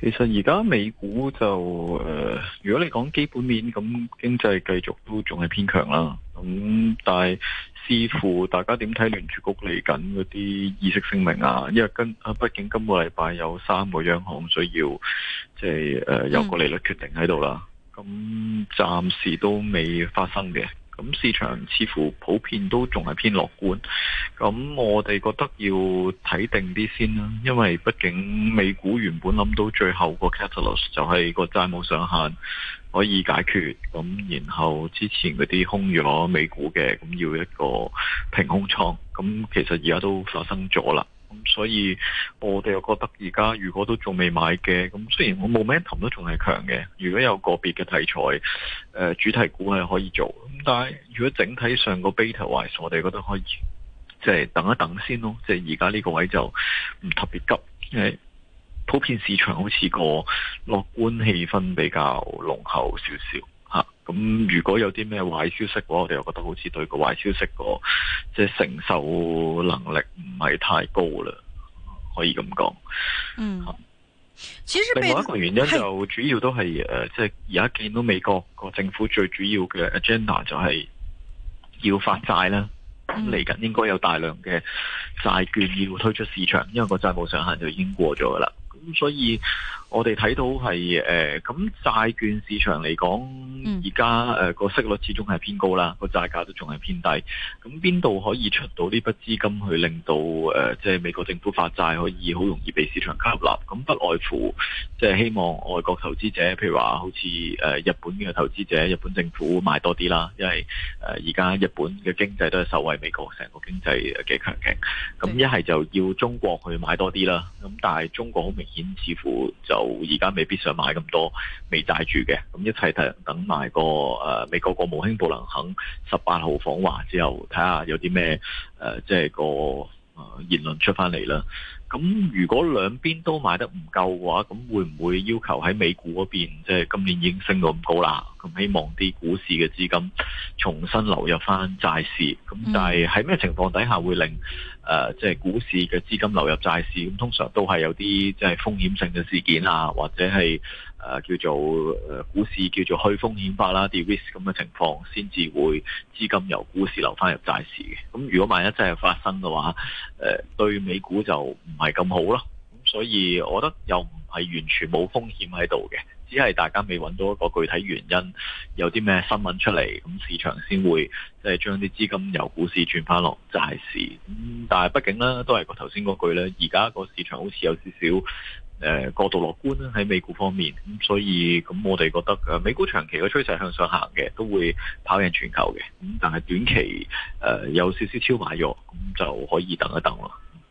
其實而家美股就誒、呃，如果你講基本面咁，那經濟繼續都仲係偏強啦。咁但係視乎，大家點睇聯儲局嚟緊嗰啲議息聲明啊？因為跟啊，畢竟今個禮拜有三個央行需要即係誒，有個利率決定喺度啦。咁暫時都未發生嘅。咁市場似乎普遍都仲係偏樂觀，咁我哋覺得要睇定啲先啦，因為畢竟美股原本諗到最後個 catalyst 就係個債務上限可以解決，咁然後之前嗰啲空咗美股嘅，咁要一個平空倉，咁其實而家都發生咗啦。咁、嗯、所以，我哋又覺得而家如果都仲未買嘅，咁雖然我 momentum 都仲係強嘅，如果有個別嘅題材，誒、呃、主題股係可以做，咁但係如果整體上個 beta wise，我哋覺得可以即係等一等先咯，即係而家呢個位就唔特別急，因為普遍市場好似個樂觀氣氛比較濃厚少少。咁如果有啲咩壞消息嘅話，我哋又覺得好似對個壞消息喎，即係承受能力唔係太高啦，可以咁講。嗯，其實另外一個原因就主要都係誒，即係而家見到美國個政府最主要嘅 agenda 就係要發債啦。咁嚟緊應該有大量嘅債券要推出市場，因為個債務上限就已經過咗啦。咁所以我哋睇到係誒，咁、呃、債券市場嚟講，而家誒個息率始終係偏高啦，個債價都仲係偏低。咁邊度可以出到呢筆資金去令到誒，即、呃、係、就是、美國政府發債可以好容易被市場吸納？咁不外乎即係、就是、希望外國投資者，譬如話好似誒日本嘅投資者，日本政府買多啲啦，因為誒而家日本嘅經濟都係受惠美國成個經濟嘅強勁。咁一係就要中國去買多啲啦。咁但係中國好明顯似乎就而家未必想買咁多，未帶住嘅，咁一齊等等埋個誒美國的國務卿布林肯十八號訪華之後，睇下有啲咩誒，即、呃、係、就是、個誒言論出翻嚟啦。咁如果兩邊都買得唔夠嘅話，咁會唔會要求喺美股嗰邊，即係今年已經升到咁高啦？咁希望啲股市嘅資金重新流入返債市。咁但係喺咩情況底下會令，誒，即係股市嘅資金流入債市？咁通常都係有啲即係風險性嘅事件啊，或者係。誒、啊、叫做誒股市叫做去風險法啦，啲 risk 咁嘅情況先至會資金由股市流翻入債市嘅。咁如果萬一真係發生嘅話，誒、呃、對美股就唔係咁好咯。咁所以我覺得又唔係完全冇風險喺度嘅，只係大家未揾到一個具體原因，有啲咩新聞出嚟，咁市場先會即係將啲資金由股市轉翻落債市。咁、嗯、但係畢竟呢都係個頭先嗰句呢，而家個市場好似有少少。誒、呃、過度樂觀啦，喺美股方面咁、嗯，所以咁、嗯、我哋覺得、啊、美股長期嘅趨勢向上行嘅，都會跑贏全球嘅。咁、嗯、但係短期誒、呃、有少少超買咗，咁、嗯、就可以等一等啦。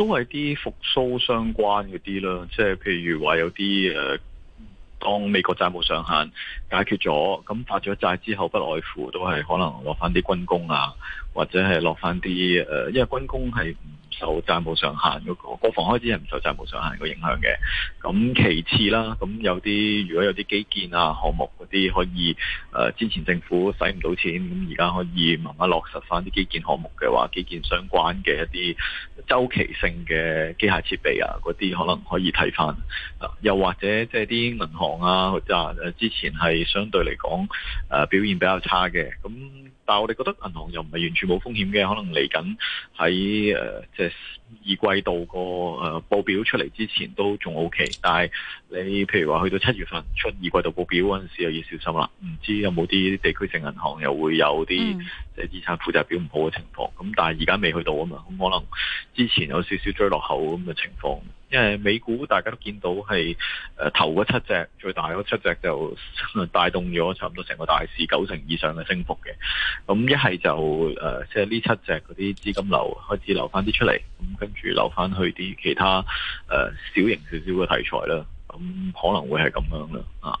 都係啲復甦相關嗰啲啦，即係譬如話有啲，誒，當美國債務上限解決咗，咁發咗債之後不外乎都係可能落翻啲軍工啊，或者係落翻啲誒，因為軍工係。受債務上限個，國防開支係唔受債務上限個影響嘅。咁其次啦，咁有啲如果有啲基建啊項目嗰啲可以，誒、呃、之前政府使唔到錢，咁而家可以慢慢落實翻啲基建項目嘅話，基建相關嘅一啲週期性嘅機械設備啊嗰啲，可能可以睇翻。又或者即係啲銀行啊，或者之前係相對嚟講、呃、表現比較差嘅，咁。但係我哋覺得銀行又唔係完全冇風險嘅，可能嚟緊喺即係二季度個誒、呃、報表出嚟之前都仲 OK，但係你譬如話去到七月份出二季度報表嗰陣時又要小心啦，唔知有冇啲地區性銀行又會有啲即係資產負債表唔好嘅情況，咁、嗯、但係而家未去到啊嘛，咁可能之前有少少追落後咁嘅情況。因為美股大家都見到係誒、啊、頭嗰七隻最大嗰七隻就、啊、帶動咗差唔多成個大市九成以上嘅升幅嘅，咁一係就誒即係呢七隻嗰啲資金流開始流翻啲出嚟，咁跟住流翻去啲其他誒、啊、小型少少嘅題材啦，咁可能會係咁樣啦，啊。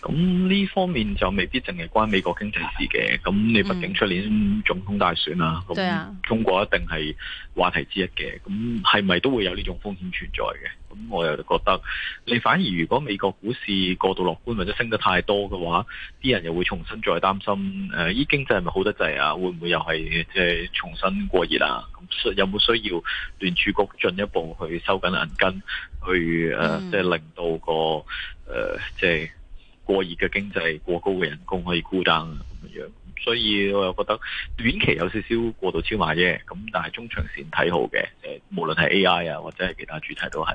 咁呢方面就未必淨係關美國經濟事嘅，咁、嗯、你畢竟出年總統大選啊，咁、嗯、中國一定係話題之一嘅，咁係咪都會有呢種風險存在嘅？咁我又覺得，你反而如果美國股市過度樂觀或者升得太多嘅話，啲人又會重新再擔心，誒、呃，呢經濟係咪好得滯啊？會唔會又係即係重新過熱啊？咁有冇需要聯儲局進一步去收緊銀根，去誒、呃嗯，即係令到個誒、呃，即係。過熱嘅經濟、過高嘅人工可以 cool down 啊，咁樣，所以我又覺得短期有少少過度超買啫。咁但係中長線睇好嘅，誒，無論係 AI 啊或者係其他主題都係。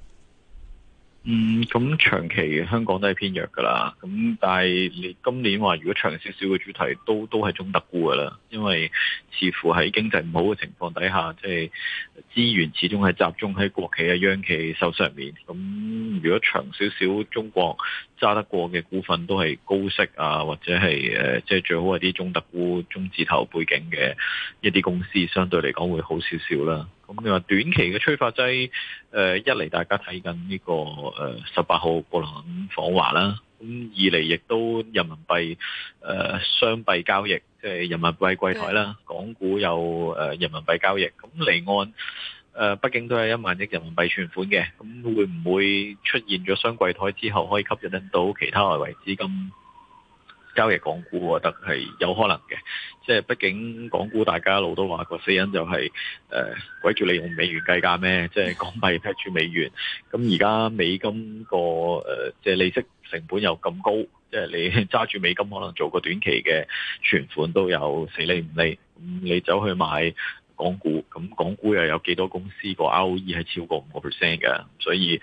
嗯，咁長期香港都係偏弱噶啦，咁但係你今年話如果長少少嘅主題都都係中特估噶啦，因為似乎喺經濟唔好嘅情況底下，即係資源始終係集中喺國企啊、央企手上面。咁如果長少少中國揸得過嘅股份都係高息啊，或者係誒，即係最好係啲中特估、中字頭背景嘅一啲公司，相對嚟講會好少少啦。咁你話短期嘅催化劑，誒、呃、一嚟大家睇緊呢個誒十八號布林肯訪華啦，咁二嚟亦都人民幣誒、呃、雙幣交易，即、就、係、是、人民幣櫃台啦，港股有誒、呃、人民幣交易，咁離岸誒畢竟都係一萬億人民幣存款嘅，咁會唔會出現咗雙櫃台之後，可以吸引到其他外圍資金？交易港股，我覺得係有可能嘅。即係畢竟港股，大家老都話個死因就係誒鬼叫你用美元計價咩？即係港幣 peg 住美元。咁而家美金個誒、呃、即係利息成本又咁高，即係你揸住美金可能做個短期嘅存款都有四厘五厘。咁你走去買港股，咁港股又有幾多公司個 ROE 係超過五個 percent 嘅，所以誒、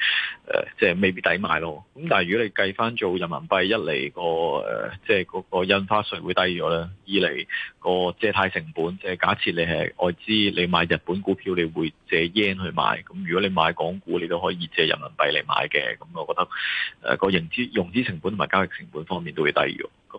呃、即係未必抵買咯。咁但係如果你計翻做人民幣，一嚟個誒、呃、即係嗰個印花稅會低咗咧，二嚟個借貸成本，即係假設你係外資，你買日本股票你會借 yen 去買，咁如果你買港股你都可以借人民幣嚟買嘅，咁我覺得誒個融資融資成本同埋交易成本方面都會低咗。咁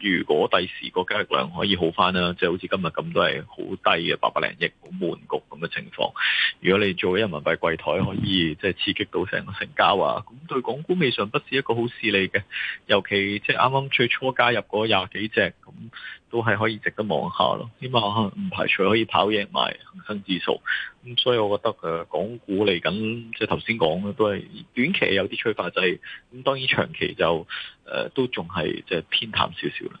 如果第時個交易量可以好翻啦，即係好似今日咁都係好低嘅八百零億，好悶局咁嘅情況。如果你做咗人民幣櫃台，可以即係刺激到成個成交啊！咁對港股未嘗不是一個好事嚟嘅，尤其即係啱啱最初加入嗰廿幾隻咁。都係可以值得望下咯，起碼唔排除可以跑贏埋恒生指數。咁所以我覺得誒，港股嚟緊即係頭先講嘅都係短期有啲催化劑，就係咁。當然長期就誒都仲係即係偏淡少少啦。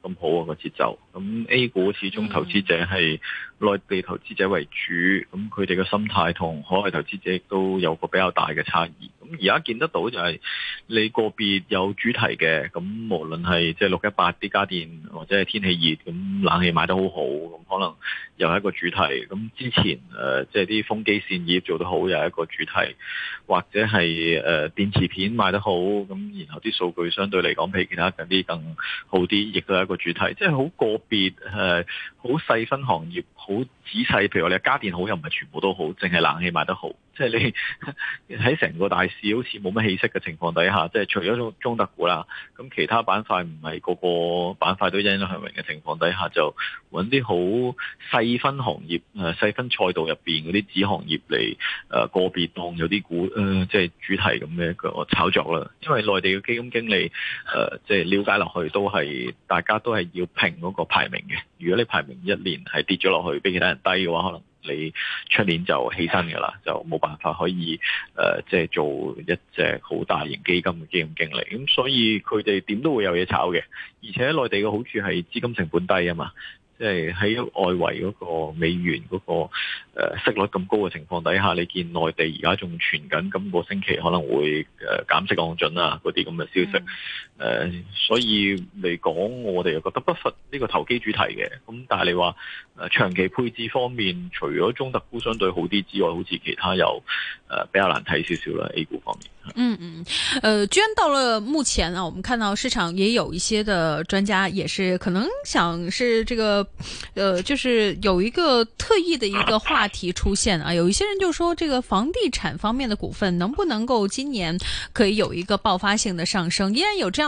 咁好啊，個節奏，咁 A 股始終投資者係內地投資者為主，咁佢哋嘅心態同海外投資者都有個比較大嘅差異。咁而家見得到就係你個別有主題嘅，咁無論係即係六一八啲家電或者係天氣熱，咁冷氣賣得好好，咁可能又係一個主題。咁之前誒即係啲風機扇葉做得好又係一個主題，或者係誒、呃、電池片賣得好，咁然後啲數據相對嚟講比其他啲更好啲，亦都係。個主題即係好個別，誒、呃，好細分行業，好仔細。譬如我哋家電好，又唔係全部都好，淨係冷氣賣得好。即係你喺成個大市好似冇乜氣息嘅情況底下，即係除咗中中特股啦，咁其他板塊唔係個個板塊都欣欣向榮嘅情況底下，就揾啲好細分行業、誒、呃、細分賽道入邊嗰啲子行業嚟，誒、呃、個別當有啲股，誒、呃、即係主題咁嘅一個炒作啦。因為內地嘅基金經理，誒即係了解落去都係大家。都係要評嗰個排名嘅。如果你排名一年係跌咗落去，比其他人低嘅話，可能你出年就起身噶啦，就冇辦法可以誒，即、呃、係、就是、做一隻好大型基金嘅基金經理。咁、嗯、所以佢哋點都會有嘢炒嘅。而且在內地嘅好處係資金成本低啊嘛。即係喺外圍嗰個美元嗰、嗰個誒、呃、息率咁高嘅情況底下，你見內地而家仲存緊，咁、今個星期可能會誒減息降準啊，嗰啲咁嘅消息。嗯誒、呃，所以嚟講，我哋又覺得不乏呢個投機主題嘅。咁但係你話誒、呃，長期配置方面，除咗中特估相對好啲之外，好似其他又誒、呃、比較難睇少少啦。A 股方面，嗯嗯，誒、呃，居然到了目前啊，我們看到市場也有一些的專家，也是可能想是這個，誒、呃，就是有一個特意的一個話題出現啊。有一些人就說，這個房地產方面的股份能不能夠今年可以有一個爆發性的上升？依然有這樣。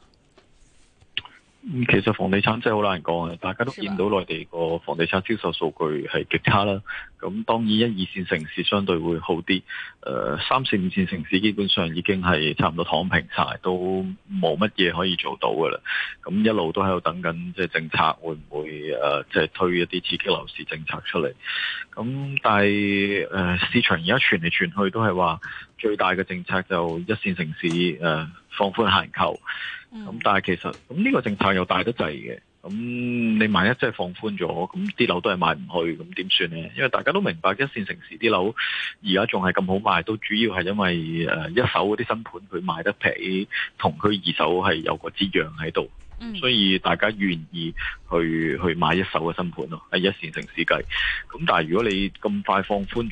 其實房地產真係好難講嘅，大家都見到內地個房地產銷售數據係極差啦。咁當然一二線城市相對會好啲，誒、呃、三四五線城市基本上已經係差唔多躺平晒，都冇乜嘢可以做到噶啦。咁一路都喺度等緊即係政策會唔會誒即係推一啲刺激樓市政策出嚟。咁但係誒、呃、市場而家傳嚟傳去都係話最大嘅政策就一線城市誒、呃、放寬限購。咁、嗯、但係其實咁呢個政策又大得滯嘅，咁你萬一真係放寬咗，咁啲樓都係賣唔去，咁點算呢？因為大家都明白一線城市啲樓而家仲係咁好賣，都主要係因為誒一手嗰啲新盤佢賣得平，同佢二手係有個折讓喺度，所以大家願意去去買一手嘅新盤咯。喺一線城市計，咁但係如果你咁快放寬咗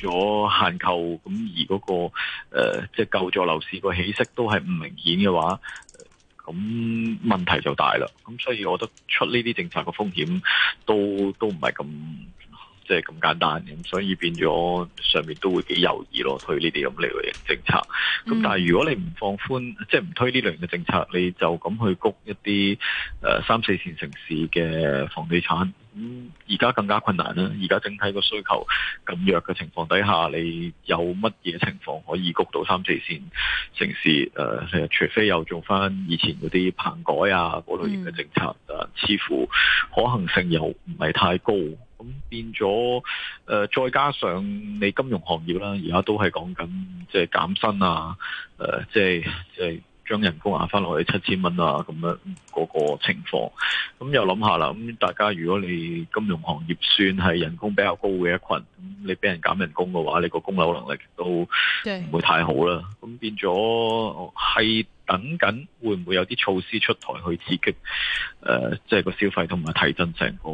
限購，咁而嗰、嗰個誒即係救助樓市個起色都係唔明顯嘅話。咁問題就大啦，咁所以我覺得出呢啲政策嘅風險都都唔係咁即係咁簡單，咁所以變咗上面都會幾猶豫咯，推呢啲咁類型嘅政策。咁、嗯、但係如果你唔放寬，即係唔推呢類型嘅政策，你就咁去谷一啲誒、呃、三四線城市嘅房地產。咁而家更加困難啦，而家整體個需求咁弱嘅情況底下，你有乜嘢情況可以谷到三四線城市？誒、呃，除非又做翻以前嗰啲棚改啊嗰類型嘅政策，嗯、但係似乎可行性又唔係太高。咁變咗，誒、呃，再加上你金融行業啦，而家都係講緊即係減薪啊，誒、呃，即係即係將人工壓翻落去七千蚊啊，咁樣嗰個情況，咁又諗下啦，咁大家如果你金融行業算係人工比較高嘅一群，咁你俾人減人工嘅話，你個供樓能力都唔會太好啦，咁變咗係。等等會唔會有啲措施出台去刺激？誒，即係個消費同埋提振成個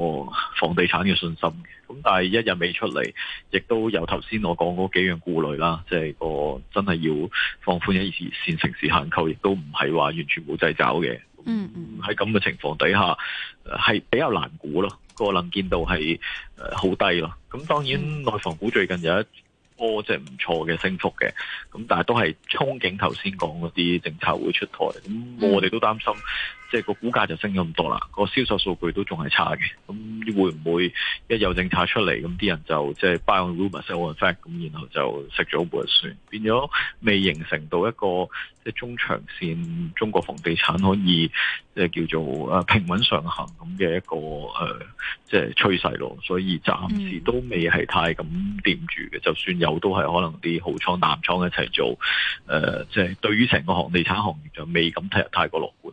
房地產嘅信心嘅。咁但係一日未出嚟，亦都有頭先我講嗰幾樣顧慮啦。即係個真係要放寬一二線城市限購，亦都唔係話完全冇掣肘嘅。喺咁嘅情況底下，係比較難估咯。個能見度係誒好低咯。咁當然內房股最近有一波即係唔錯嘅升幅嘅，咁但係都係憧憬頭先講嗰啲政策會出台，咁我哋都擔心，即係個股價就升咗咁多啦，個銷售數據都仲係差嘅，咁會唔會一有政策出嚟，咁啲人就即係、就是、buy on rumors，sell on fact，咁然後就食咗半船，變咗未形成到一個即係、就是、中長線中國房地產可以即係、就是、叫做誒平穩上行咁嘅一個誒即係趨勢咯，所以暫時都未係太咁掂住嘅，就算有。有都係可能啲豪倉、南倉一齊做，誒、呃，即、就、係、是、對於成個房地產行業就未咁太過樂觀。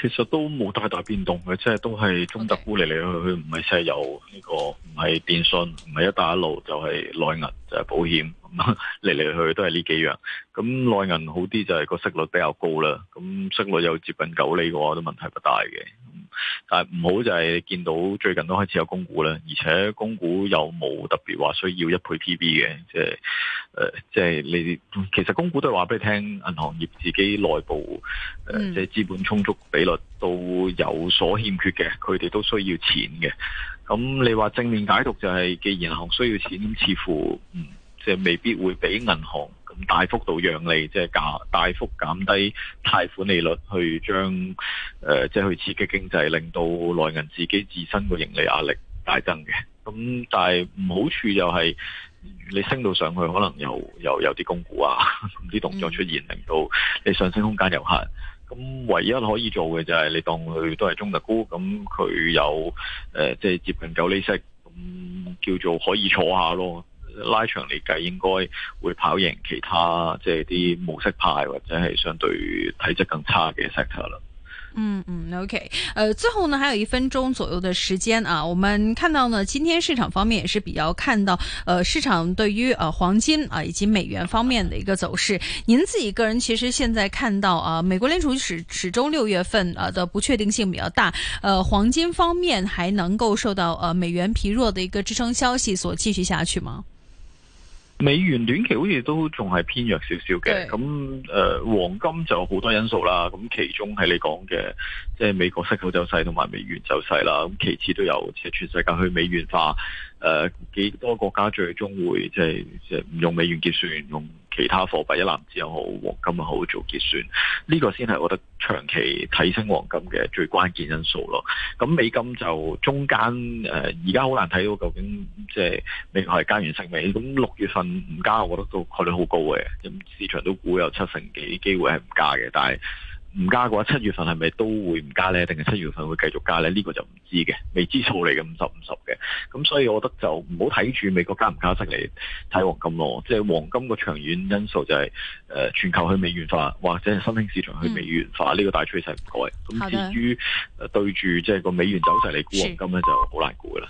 其實都冇太大變動嘅，即係都係中特估嚟嚟去去，唔係石油呢個，唔係電信，唔係一帶一路，就係內銀就係、是、保險，嚟嚟去去都係呢幾樣。咁內銀好啲就係個息率比較高啦，咁息率又接近九厘嘅話，都問題不大嘅。但係唔好就係見到最近都開始有公股喇，而且公股又冇特別話需要一倍 PB 嘅。即係誒，即係你其實公股都係話俾你聽，銀行業自己內部誒，即係資本充足比率都有所欠缺嘅，佢哋都需要錢嘅。咁你話正面解讀就係，既然銀行需要錢，似乎嗯，即係未必會俾銀行。咁大幅度讓利，即係加大幅減低貸款利率去，去將誒即係去刺激經濟，令到內銀自己自身個盈利壓力大增嘅。咁但係唔好處又係你升到上去，可能又又有啲供股啊啲動作出現，令到你上升空間有限。咁唯一可以做嘅就係你當佢都係中特估，咁佢有誒即係接近九厘息，咁叫做可以坐下咯。拉長嚟計，應該會跑贏其他即係啲模式派或者係相對體質更差嘅 sector 啦，嗯。嗯嗯，OK，呃，最後呢，還有一分鐘左右嘅時間啊，我們看到呢，今天市場方面也是比較看到，呃市場對於誒、呃、黃金啊、呃、以及美元方面嘅一個走勢。您自己個人其實現在看到啊、呃，美國聯儲始始終六月份啊嘅不確定性比較大。呃黃金方面還能夠受到呃美元疲弱嘅一個支撐消息所繼續下去嗎？美元短期好似都仲係偏弱少少嘅，咁誒黃金就好多因素啦，咁其中係你講嘅，即係美國息口走勢同埋美元走勢啦，咁其次都有即係全世界去美元化，誒幾多國家最終會即係唔用美元結算。用。其他貨幣一攬子又好，黃金又好做結算，呢、這個先係我覺得長期睇升黃金嘅最關鍵因素咯。咁美金就中間誒，而家好難睇到究竟即係美國係加完息未？咁六月份唔加，我覺得都概率好高嘅。咁、嗯、市場都估有七成幾機會係唔加嘅，但係。唔加嘅話，七月份係咪都會唔加呢？定係七月份會繼續加呢？呢個就唔知嘅，未知數嚟嘅五十五十嘅。咁所以，我覺得就唔好睇住美國加唔加息嚟睇黃金咯。即係黃金個長遠因素就係呃，全球去美元化，或者係新興市場去美元化，呢個，嗯，大趨勢唔改。咁至於對住即係個美元走勢嚟估黃金咧、嗯，就好難估啦。